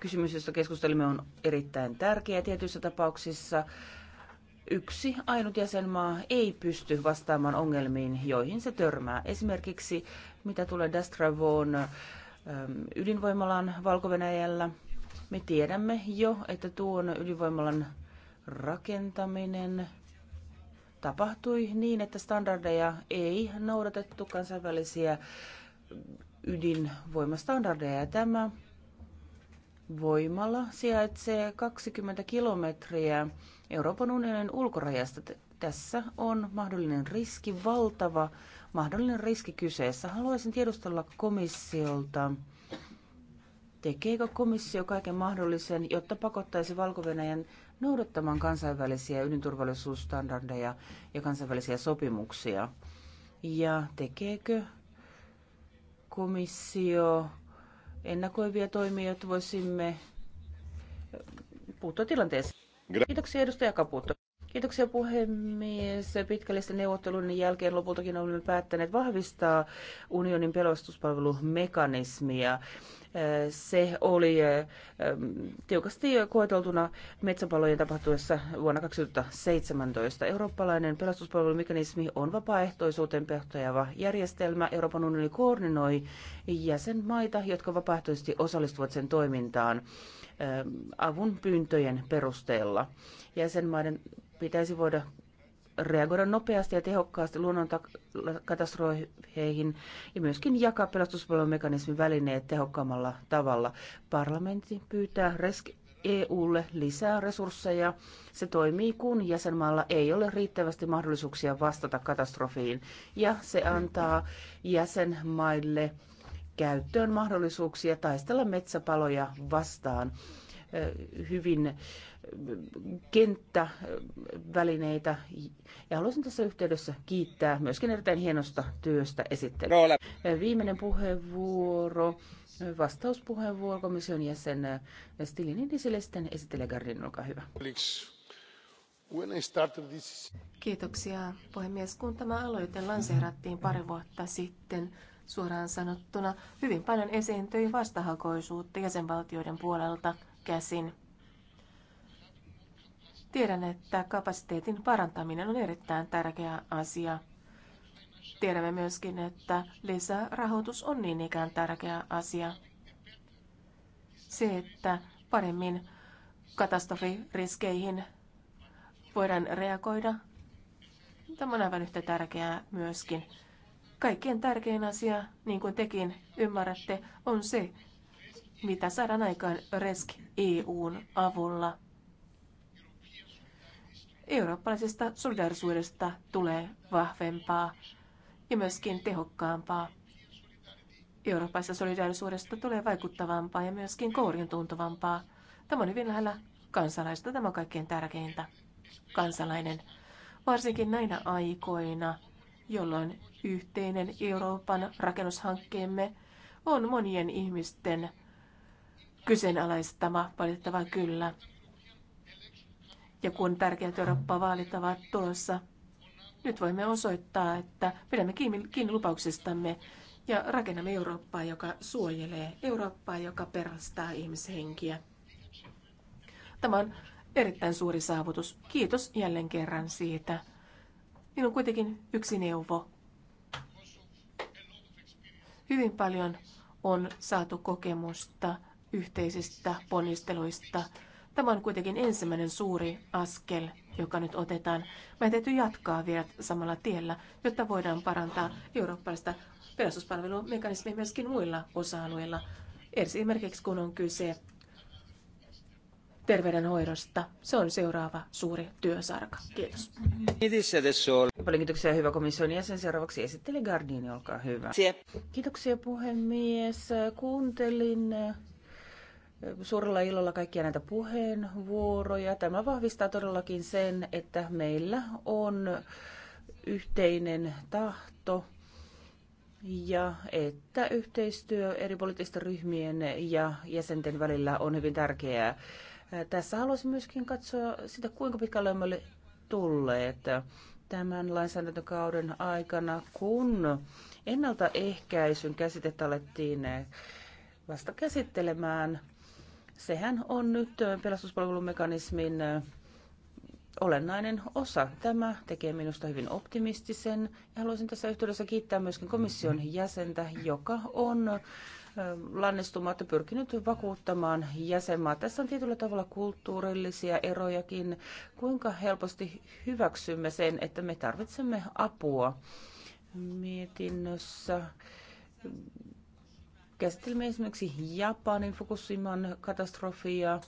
Kysymys, josta keskustelimme, on erittäin tärkeä. Tietyissä tapauksissa yksi ainut jäsenmaa ei pysty vastaamaan ongelmiin, joihin se törmää. Esimerkiksi mitä tulee Dastravoon ähm, ydinvoimalan valko -Venäjällä. Me tiedämme jo, että tuon ydinvoimalan rakentaminen tapahtui niin, että standardeja ei noudatettu kansainvälisiä ydinvoimastandardeja. Tämä voimala sijaitsee 20 kilometriä Euroopan unionin ulkorajasta. Tässä on mahdollinen riski, valtava mahdollinen riski kyseessä. Haluaisin tiedustella komissiolta, tekeekö komissio kaiken mahdollisen, jotta pakottaisi valko noudattamaan kansainvälisiä ydinturvallisuusstandardeja ja kansainvälisiä sopimuksia? Ja tekeekö komissio ennakoivia toimia, jotta voisimme puuttua tilanteeseen? Kiitoksia edustaja Kaputo. Kiitoksia puhemies. Pitkällisten neuvottelujen jälkeen lopultakin olemme päättäneet vahvistaa unionin pelastuspalvelumekanismia. Se oli eh, eh, tiukasti koeteltuna metsäpalojen tapahtuessa vuonna 2017. Eurooppalainen pelastuspalvelumekanismi on vapaaehtoisuuteen pehtojava järjestelmä. Euroopan unioni koordinoi jäsenmaita, jotka vapaaehtoisesti osallistuvat sen toimintaan eh, avun pyyntöjen perusteella. Jäsenmaiden pitäisi voida reagoida nopeasti ja tehokkaasti luonnonkatastrofeihin ja myöskin jakaa pelastuspalvelumekanismin välineet tehokkaammalla tavalla. Parlamentti pyytää resk EUlle lisää resursseja. Se toimii, kun jäsenmaalla ei ole riittävästi mahdollisuuksia vastata katastrofiin. Ja se antaa jäsenmaille käyttöön mahdollisuuksia taistella metsäpaloja vastaan hyvin kenttävälineitä. Ja haluaisin tässä yhteydessä kiittää myöskin erittäin hienosta työstä esittelystä. No, Viimeinen puheenvuoro, vastauspuheenvuoro komission jäsen Stilinidiselle, sitten esittelee Gardin, olkaa hyvä. Kiitoksia puhemies. Kun tämä aloite lanseerattiin pari vuotta sitten, suoraan sanottuna hyvin paljon esiintyi vastahakoisuutta jäsenvaltioiden puolelta käsin. Tiedän, että kapasiteetin parantaminen on erittäin tärkeä asia. Tiedämme myöskin, että lisärahoitus on niin ikään tärkeä asia. Se, että paremmin katastrofiriskeihin voidaan reagoida, tämä on aivan yhtä tärkeää myöskin. Kaikkien tärkein asia, niin kuin tekin ymmärrätte, on se, mitä saadaan aikaan Resk EUn avulla – Eurooppalaisesta solidarisuudesta tulee vahvempaa ja myöskin tehokkaampaa. Eurooppalaisesta solidaarisuudesta tulee vaikuttavampaa ja myöskin kourin tuntuvampaa. Tämä on hyvin lähellä kansalaista, tämä on kaikkein tärkeintä. Kansalainen, varsinkin näinä aikoina, jolloin yhteinen Euroopan rakennushankkeemme on monien ihmisten kyseenalaistama, valitettava kyllä ja kun tärkeät Eurooppa-vaalit ovat tulossa. Nyt voimme osoittaa, että pidämme kiinni, kiinni lupauksistamme ja rakennamme Eurooppaa, joka suojelee, Eurooppaa, joka perastaa ihmishenkiä. Tämä on erittäin suuri saavutus. Kiitos jälleen kerran siitä. Minun on kuitenkin yksi neuvo. Hyvin paljon on saatu kokemusta yhteisistä ponnisteluista Tämä on kuitenkin ensimmäinen suuri askel, joka nyt otetaan. Meidän täytyy jatkaa vielä samalla tiellä, jotta voidaan parantaa eurooppalaista pelastuspalvelumekanismia myöskin muilla osa-alueilla. Esimerkiksi kun on kyse terveydenhoidosta. Se on seuraava suuri työsarka. Kiitos. Paljon kiitoksia hyvä komission jäsen. Seuraavaksi esittelen Gardini, olkaa hyvä. Kiitoksia puhemies. Kuuntelin suurella ilolla kaikkia näitä puheenvuoroja. Tämä vahvistaa todellakin sen, että meillä on yhteinen tahto ja että yhteistyö eri poliittisten ryhmien ja jäsenten välillä on hyvin tärkeää. Tässä haluaisin myöskin katsoa sitä, kuinka pitkälle olemme tulleet tämän lainsäädäntökauden aikana, kun ennaltaehkäisyn käsitettä alettiin vasta käsittelemään – Sehän on nyt pelastuspalvelumekanismin olennainen osa. Tämä tekee minusta hyvin optimistisen ja haluaisin tässä yhteydessä kiittää myöskin komission mhm. jäsentä, joka on lannistumatta pyrkinyt vakuuttamaan jäsenmaa. Tässä on tietyllä tavalla kulttuurillisia erojakin, kuinka helposti hyväksymme sen, että me tarvitsemme apua mietinnössä käsittelemme esimerkiksi Japanin Fukushiman katastrofia.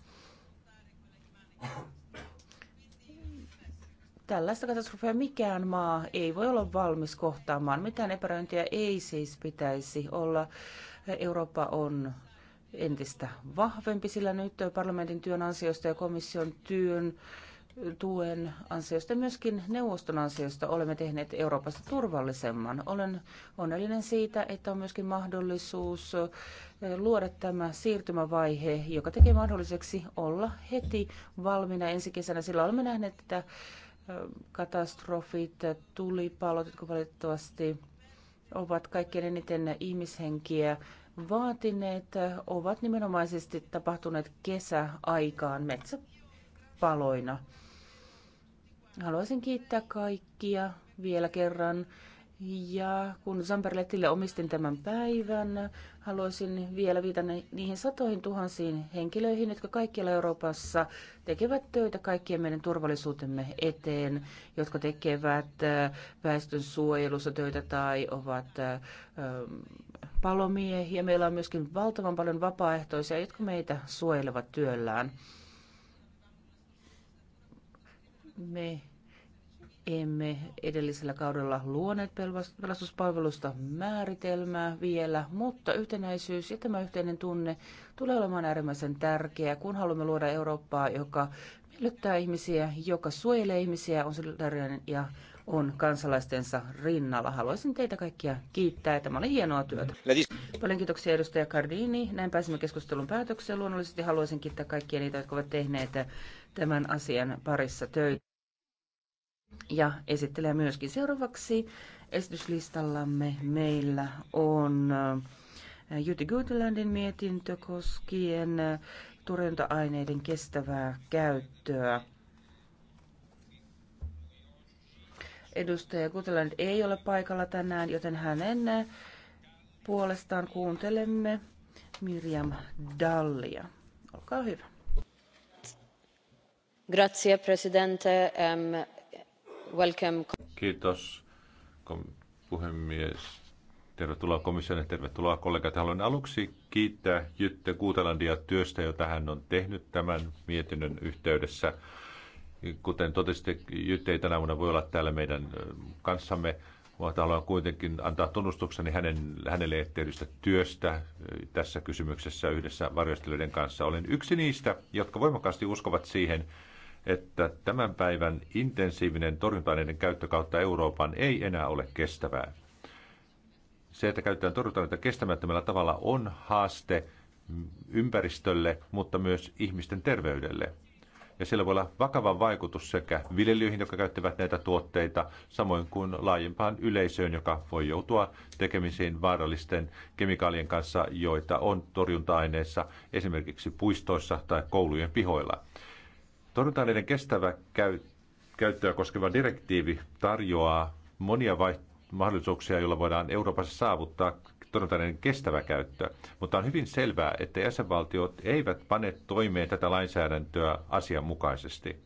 Tällaista katastrofia mikään maa ei voi olla valmis kohtaamaan. Mitään epäröintiä ei siis pitäisi olla. Eurooppa on entistä vahvempi, sillä nyt parlamentin työn ansiosta ja komission työn äh, tuen ansiosta ja myöskin neuvoston ansiosta olemme tehneet Euroopasta turvallisemman. Olen onnellinen siitä, että on myöskin mahdollisuus luoda tämä siirtymävaihe, joka tekee mahdolliseksi olla heti valmiina ensi kesänä, sillä olemme nähneet, että katastrofit, tulipalot, jotka valitettavasti ovat kaikkein eniten ihmishenkiä vaatineet, ovat nimenomaisesti tapahtuneet kesäaikaan metsäpaloina. Haluaisin kiittää kaikkia vielä kerran. Ja kun Zamperlettille omistin tämän päivän, haluaisin vielä viitata niihin satoihin tuhansiin henkilöihin, jotka kaikkialla Euroopassa tekevät töitä kaikkien meidän turvallisuutemme eteen, jotka tekevät äh, väestön suojelussa töitä tai ovat äh, ähm, palomiehiä. Meillä on myöskin valtavan paljon vapaaehtoisia, jotka meitä suojelevat työllään. Me emme edellisellä kaudella luoneet pelastuspalvelusta määritelmää vielä, mutta yhtenäisyys ja tämä yhteinen tunne tulee olemaan äärimmäisen tärkeää, kun haluamme luoda Eurooppaa, joka miellyttää ihmisiä, joka suojelee ihmisiä, on solidaarinen ja on kansalaistensa rinnalla. Haluaisin teitä kaikkia kiittää. Tämä oli hienoa työtä. Paljon kiitoksia edustaja Cardini. Näin pääsimme keskustelun päätökseen. Luonnollisesti haluaisin kiittää kaikkia niitä, jotka ovat tehneet tämän asian parissa töitä. Ja esittelee myöskin seuraavaksi esityslistallamme meillä on äh, Jytti Gutelandin mietintö koskien äh, torjunta-aineiden kestävää käyttöä. Edustaja Gutelland ei ole paikalla tänään, joten hänen äh, puolestaan kuuntelemme Mirjam Dallia. Olkaa hyvä arvoisa presidente. Um, puhemies. Tervetuloa komissaari tervetuloa kollegat. Haluan aluksi kiittää Jytte Kuutelandia työstä, jota hän on tehnyt tämän mietinnön yhteydessä. Kuten totesitte, Jytte ei tänä vuonna voi olla täällä meidän kanssamme, mutta haluan kuitenkin antaa tunnustukseni hänen, hänelle tehdystä työstä tässä kysymyksessä yhdessä varjostelijoiden kanssa. Olen yksi niistä, jotka voimakkaasti uskovat siihen, että tämän päivän intensiivinen torjunta-aineiden käyttö kautta Euroopan ei enää ole kestävää. Se, että käytetään torjunta kestämättömällä tavalla, on haaste ympäristölle, mutta myös ihmisten terveydelle. Ja sillä voi olla vakava vaikutus sekä viljelijöihin, jotka käyttävät näitä tuotteita, samoin kuin laajempaan yleisöön, joka voi joutua tekemisiin vaarallisten kemikaalien kanssa, joita on torjunta-aineissa, esimerkiksi puistoissa tai koulujen pihoilla. Torjunta-aineiden kestävä käy, käyttöä koskeva direktiivi tarjoaa monia mahdollisuuksia, joilla voidaan Euroopassa saavuttaa torjunta-aineiden kestävä käyttö. Mutta on hyvin selvää, että jäsenvaltiot eivät pane toimeen tätä lainsäädäntöä asianmukaisesti.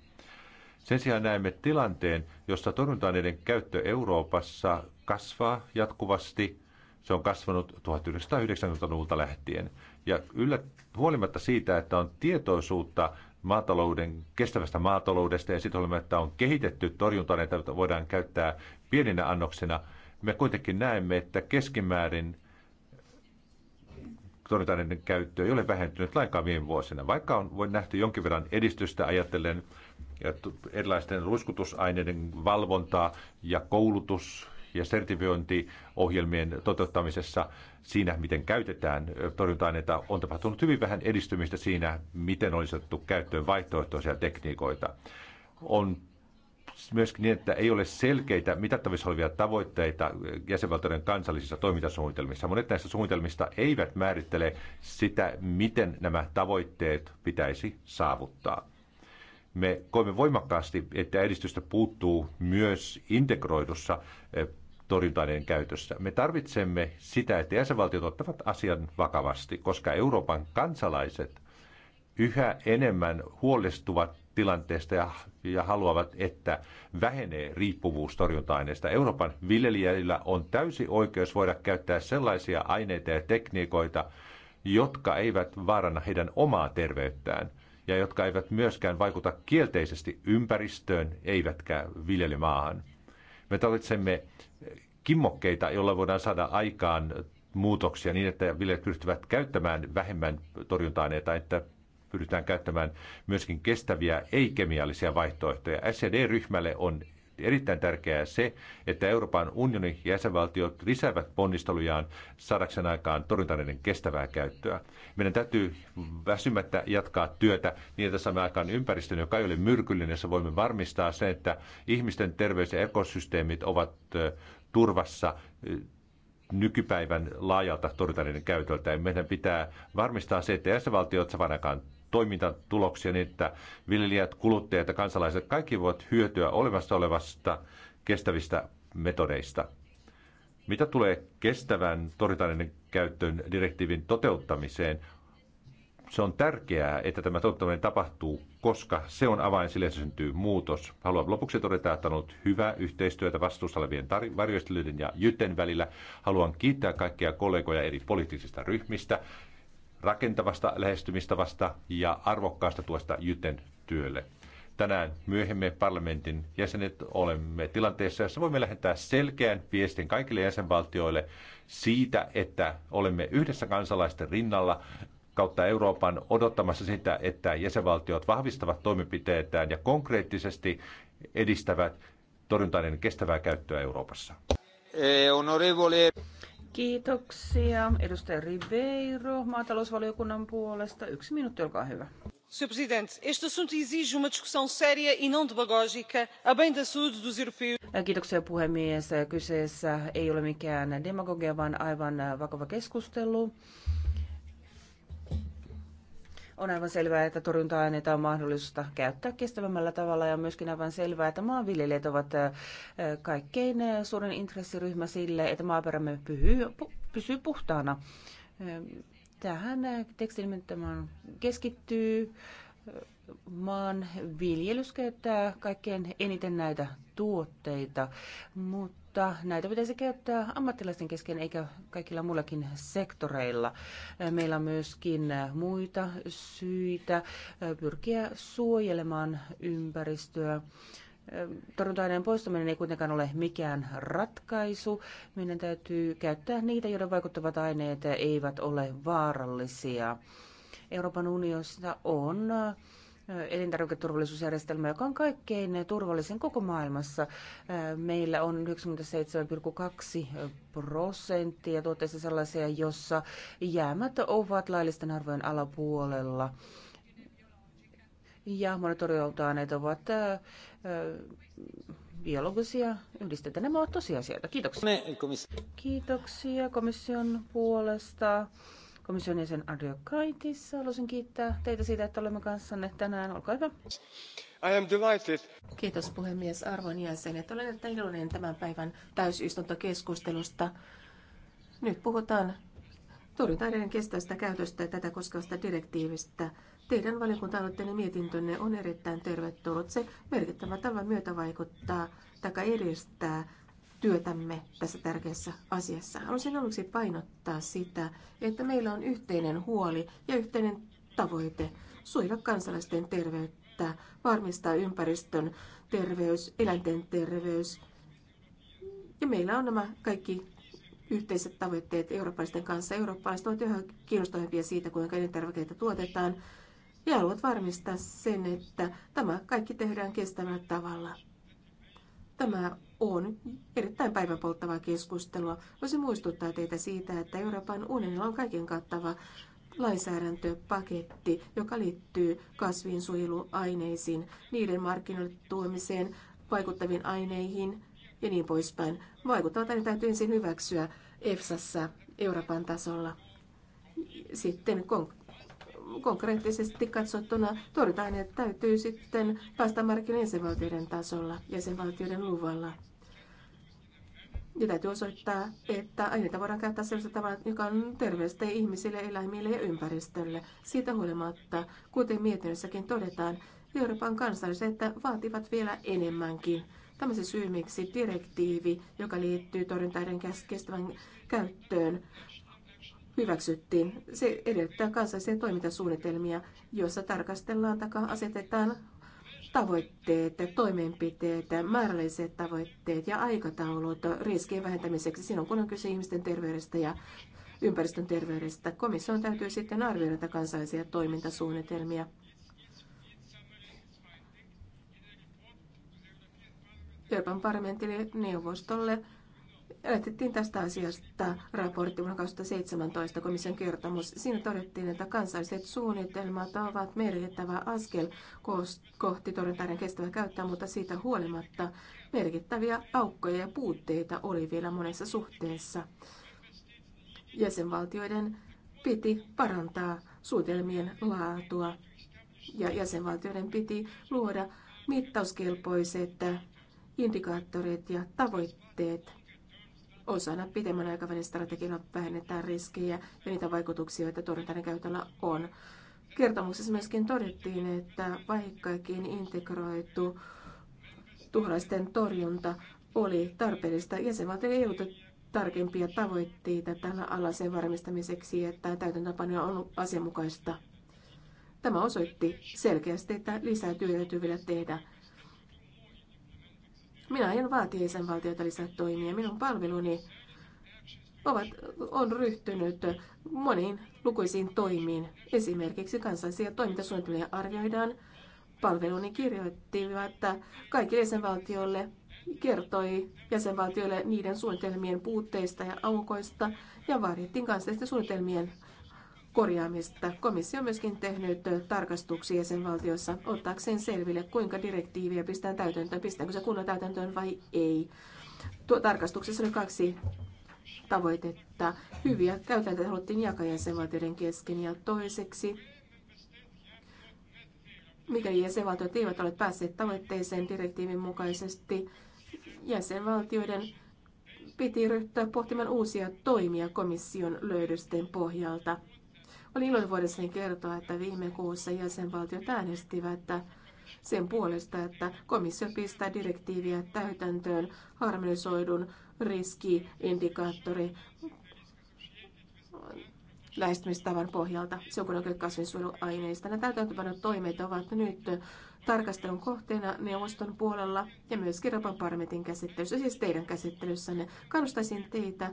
Sen sijaan näemme tilanteen, jossa torjunta-aineiden käyttö Euroopassa kasvaa jatkuvasti. Se on kasvanut 1990-luvulta lähtien. Ja yllä, huolimatta siitä, että on tietoisuutta maatalouden, kestävästä maataloudesta ja sitten olemme, että on kehitetty torjunta joita voidaan käyttää pieninä annoksina. Me kuitenkin näemme, että keskimäärin torjunta käyttö ei ole vähentynyt lainkaan viime vuosina, vaikka on voi nähty jonkin verran edistystä ajatellen ja erilaisten ruiskutusaineiden valvontaa ja koulutus ja sertifiointiohjelmien toteuttamisessa siinä, miten käytetään torjunta-aineita, on tapahtunut hyvin vähän edistymistä siinä, miten olisi otettu käyttöön vaihtoehtoisia tekniikoita. On myöskin niin, että ei ole selkeitä mitattavissa olevia tavoitteita jäsenvaltioiden kansallisissa toimintasuunnitelmissa. Monet näistä suunnitelmista eivät määrittele sitä, miten nämä tavoitteet pitäisi saavuttaa. Me koemme voimakkaasti, että edistystä puuttuu myös integroidussa eh, torjuntaineen käytössä. Me tarvitsemme sitä, että jäsenvaltiot ottavat asian vakavasti, koska Euroopan kansalaiset yhä enemmän huolestuvat tilanteesta ja, ja haluavat, että vähenee riippuvuus torjunta-aineista. Euroopan viljelijöillä on täysi oikeus voida käyttää sellaisia aineita ja tekniikoita, jotka eivät vaaranna heidän omaa terveyttään ja jotka eivät myöskään vaikuta kielteisesti ympäristöön eivätkä viljelymaahan. Me tarvitsemme kimmokkeita, joilla voidaan saada aikaan muutoksia niin, että viljelijät pystyvät käyttämään vähemmän torjunta-aineita, että pyritään käyttämään myöskin kestäviä ei-kemiallisia vaihtoehtoja. SED-ryhmälle on erittäin tärkeää se, että Euroopan unionin jäsenvaltiot lisäävät ponnistelujaan saadakseen aikaan torjuntaneiden kestävää käyttöä. Meidän täytyy väsymättä jatkaa työtä niin, että saamme aikaan ympäristön, joka ei ole myrkyllinen, jossa voimme varmistaa sen, että ihmisten terveys ja ekosysteemit ovat turvassa nykypäivän laajalta torjuntaneiden käytöltä. Meidän pitää varmistaa se, että jäsenvaltiot saavat aikaan toimintatuloksia niin, että viljelijät, kuluttajat ja kansalaiset kaikki voivat hyötyä olemassa olevasta kestävistä metodeista. Mitä tulee kestävän torjuntainen käyttöön direktiivin toteuttamiseen, se on tärkeää, että tämä toteuttaminen tapahtuu, koska se on avain sille, syntyy muutos. Haluan lopuksi todeta, että on ollut hyvää yhteistyötä vastuussa olevien tar- varjostelijoiden ja jyten välillä. Haluan kiittää kaikkia kollegoja eri poliittisista ryhmistä rakentavasta lähestymistavasta ja arvokkaasta tuosta Jyten työlle. Tänään myöhemmin parlamentin jäsenet olemme tilanteessa, jossa voimme lähettää selkeän viestin kaikille jäsenvaltioille siitä, että olemme yhdessä kansalaisten rinnalla kautta Euroopan odottamassa sitä, että jäsenvaltiot vahvistavat toimenpiteetään ja konkreettisesti edistävät torjuntainen kestävää käyttöä Euroopassa. Eh, Kiitoksia. Edustaja Ribeiro maatalousvaliokunnan puolesta. Yksi minuutti, olkaa hyvä. Senhor Presidente, este assunto exige uma discussão séria e não demagógica a bem da saúde dos europeus. Kiitoksia puhemies. Kyseessä ei ole mikään demagogia, vaan aivan vakava keskustelu on aivan selvää, että torjunta-aineita on mahdollista käyttää kestävämmällä tavalla ja on myöskin aivan selvää, että maanviljelijät ovat kaikkein suurin intressiryhmä sille, että maaperämme pyhyy, pysyy puhtaana. Tähän tekstilimentamaan keskittyy maan viljelys käyttää kaikkein eniten näitä tuotteita, mutta mutta näitä pitäisi käyttää ammattilaisten kesken eikä kaikilla muillakin sektoreilla. Meillä on myöskin muita syitä pyrkiä suojelemaan ympäristöä. Torjunta-aineen poistaminen ei kuitenkaan ole mikään ratkaisu. Meidän täytyy käyttää niitä, joiden vaikuttavat aineet eivät ole vaarallisia. Euroopan unionissa on elintarviketurvallisuusjärjestelmä, joka on kaikkein turvallisin koko maailmassa. Meillä on 97,2 prosenttia tuotteista sellaisia, jossa jäämät ovat laillisten arvojen alapuolella. Ja monet ovat biologisia yhdisteitä. Nämä ovat tosiasioita. Kiitoksia. Kiitoksia komission puolesta komission jäsen Andrea Kaitis. Haluaisin kiittää teitä siitä, että olemme kanssanne tänään. Olkaa hyvä. I am delighted. Kiitos puhemies, arvon jäsenet. Olen erittäin iloinen tämän päivän täysistuntokeskustelusta. Nyt puhutaan torjuntaiden kestävästä käytöstä ja tätä koskevasta direktiivistä. Teidän valiokunta-aloitteinen mietintönne on erittäin tervetullut. Se merkittävä tavan myötä vaikuttaa tai edistää työtämme tässä tärkeässä asiassa. Haluaisin aluksi painottaa sitä, että meillä on yhteinen huoli ja yhteinen tavoite suojella kansalaisten terveyttä, varmistaa ympäristön terveys, eläinten terveys. Ja meillä on nämä kaikki yhteiset tavoitteet eurooppalaisten kanssa. Eurooppalaiset ovat yhä kiinnostuneempia siitä, kuinka elintarvikeita tuotetaan ja haluat varmistaa sen, että tämä kaikki tehdään kestävällä tavalla. Tämä on erittäin päivän polttavaa keskustelua. Voisin muistuttaa teitä siitä, että Euroopan unionilla on kaiken kattava lainsäädäntöpaketti, joka liittyy kasvinsuojeluaineisiin, niiden markkinoille tuomiseen, vaikuttaviin aineihin ja niin poispäin. Vaikuttavat aineet täytyy ensin hyväksyä EFSassa Euroopan tasolla. Sitten konkreettisesti katsottuna torjunta-aineet täytyy sitten päästä markkinoille jäsenvaltioiden tasolla, jäsenvaltioiden luvalla. Ja täytyy osoittaa, että aineita voidaan käyttää sellaisella tavalla, joka on terveellistä ihmisille, eläimille ja ympäristölle. Siitä huolimatta, kuten mietinnössäkin todetaan, Euroopan kansalliset vaativat vielä enemmänkin. Tämä se syy, miksi direktiivi, joka liittyy torjuntaiden kestävän käyttöön, hyväksyttiin. Se edellyttää kansallisia toimintasuunnitelmia, joissa tarkastellaan takaa asetetaan tavoitteet, toimenpiteet, määrälliset tavoitteet ja aikataulut riskien vähentämiseksi silloin, kun on kyse ihmisten terveydestä ja ympäristön terveydestä. Komission täytyy sitten arvioida kansallisia toimintasuunnitelmia. Euroopan parlamentille neuvostolle Lähetettiin tästä asiasta raportti vuonna 2017 komission kertomus. Siinä todettiin, että kansalliset suunnitelmat ovat merkittävä askel kohti torjuntaiden kestävää käyttöä, mutta siitä huolimatta merkittäviä aukkoja ja puutteita oli vielä monessa suhteessa. Jäsenvaltioiden piti parantaa suunnitelmien laatua ja jäsenvaltioiden piti luoda mittauskelpoiset indikaattorit ja tavoitteet osana pitemmän aikavälin strategialla vähennetään riskejä ja niitä vaikutuksia, joita torjuntainen käytöllä on. Kertomuksessa myöskin todettiin, että vaikkakin integroitu tuholaisten torjunta oli tarpeellista, jäsenvaltio ei ollut tarkempia tavoitteita tällä alla sen varmistamiseksi, että täytäntöpano on asianmukaista. Tämä osoitti selkeästi, että lisää työtä tehdä minä en vaati jäsenvaltioita lisää toimia. Minun palveluni ovat, on ryhtynyt moniin lukuisiin toimiin. Esimerkiksi kansallisia toimintasuunnitelmia arvioidaan. Palveluni kirjoittivat kaikille jäsenvaltioille kertoi jäsenvaltioille niiden suunnitelmien puutteista ja aukoista ja vaadittiin kansallisten suunnitelmien korjaamista. Komissio on myöskin tehnyt tarkastuksia jäsenvaltiossa ottaakseen selville, kuinka direktiiviä pistetään täytäntöön, pistetäänkö se kunnon täytäntöön vai ei. Tuo tarkastuksessa oli kaksi tavoitetta. Hyviä käytäntöjä haluttiin jakaa jäsenvaltioiden kesken ja toiseksi mikäli jäsenvaltiot eivät ole päässeet tavoitteeseen direktiivin mukaisesti, jäsenvaltioiden piti ryhtyä pohtimaan uusia toimia komission löydösten pohjalta. Oli ilo voidessani kertoa, että viime kuussa jäsenvaltiot äänestivät sen puolesta, että komissio pistää direktiiviä täytäntöön harmonisoidun riskiindikaattori lähestymistavan pohjalta siukunokille kasvinsuojeluaineista. Nämä täytäntöpanot toimet ovat nyt tarkastelun kohteena neuvoston puolella ja myös Euroopan parlamentin käsittelyssä, siis teidän käsittelyssänne. Kannustaisin teitä äh,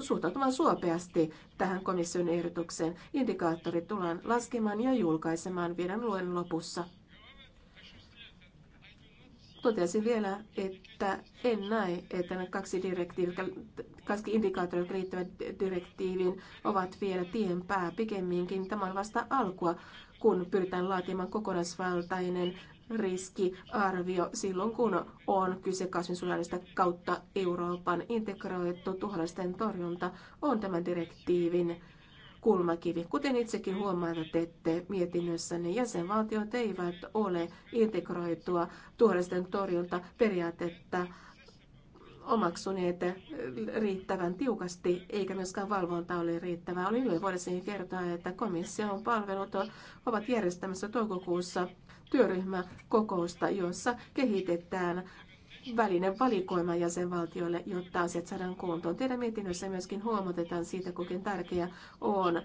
suhtautumaan suopeasti tähän komission ehdotukseen. Indikaattori tullaan laskemaan ja julkaisemaan viiden luen lopussa. Totesin vielä, että en näe, että nämä kaksi kaksi indikaattoria liittyvät direktiiviin ovat vielä tien pää pikemminkin. Tämä on vasta alkua, kun pyritään laatimaan kokonaisvaltainen riskiarvio silloin, kun on kyse kasvinsuojelusta kautta Euroopan integroitu tuholaisten torjunta on tämän direktiivin kulmakivi. Kuten itsekin huomaatette mietinnössänne, niin jäsenvaltiot eivät ole integroitua tuoresten periaatetta omaksuneet riittävän tiukasti, eikä myöskään valvonta ole riittävää. Oli ilo vuodessa kertoa, että komission palvelut ovat järjestämässä toukokuussa työryhmäkokousta, jossa kehitetään välinen valikoima jäsenvaltioille, jotta asiat saadaan kuntoon. Teidän mietinnössä myöskin huomautetaan siitä, kuinka tärkeää on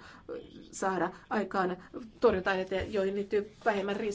saada aikaan torjunta joihin liittyy vähemmän riskejä.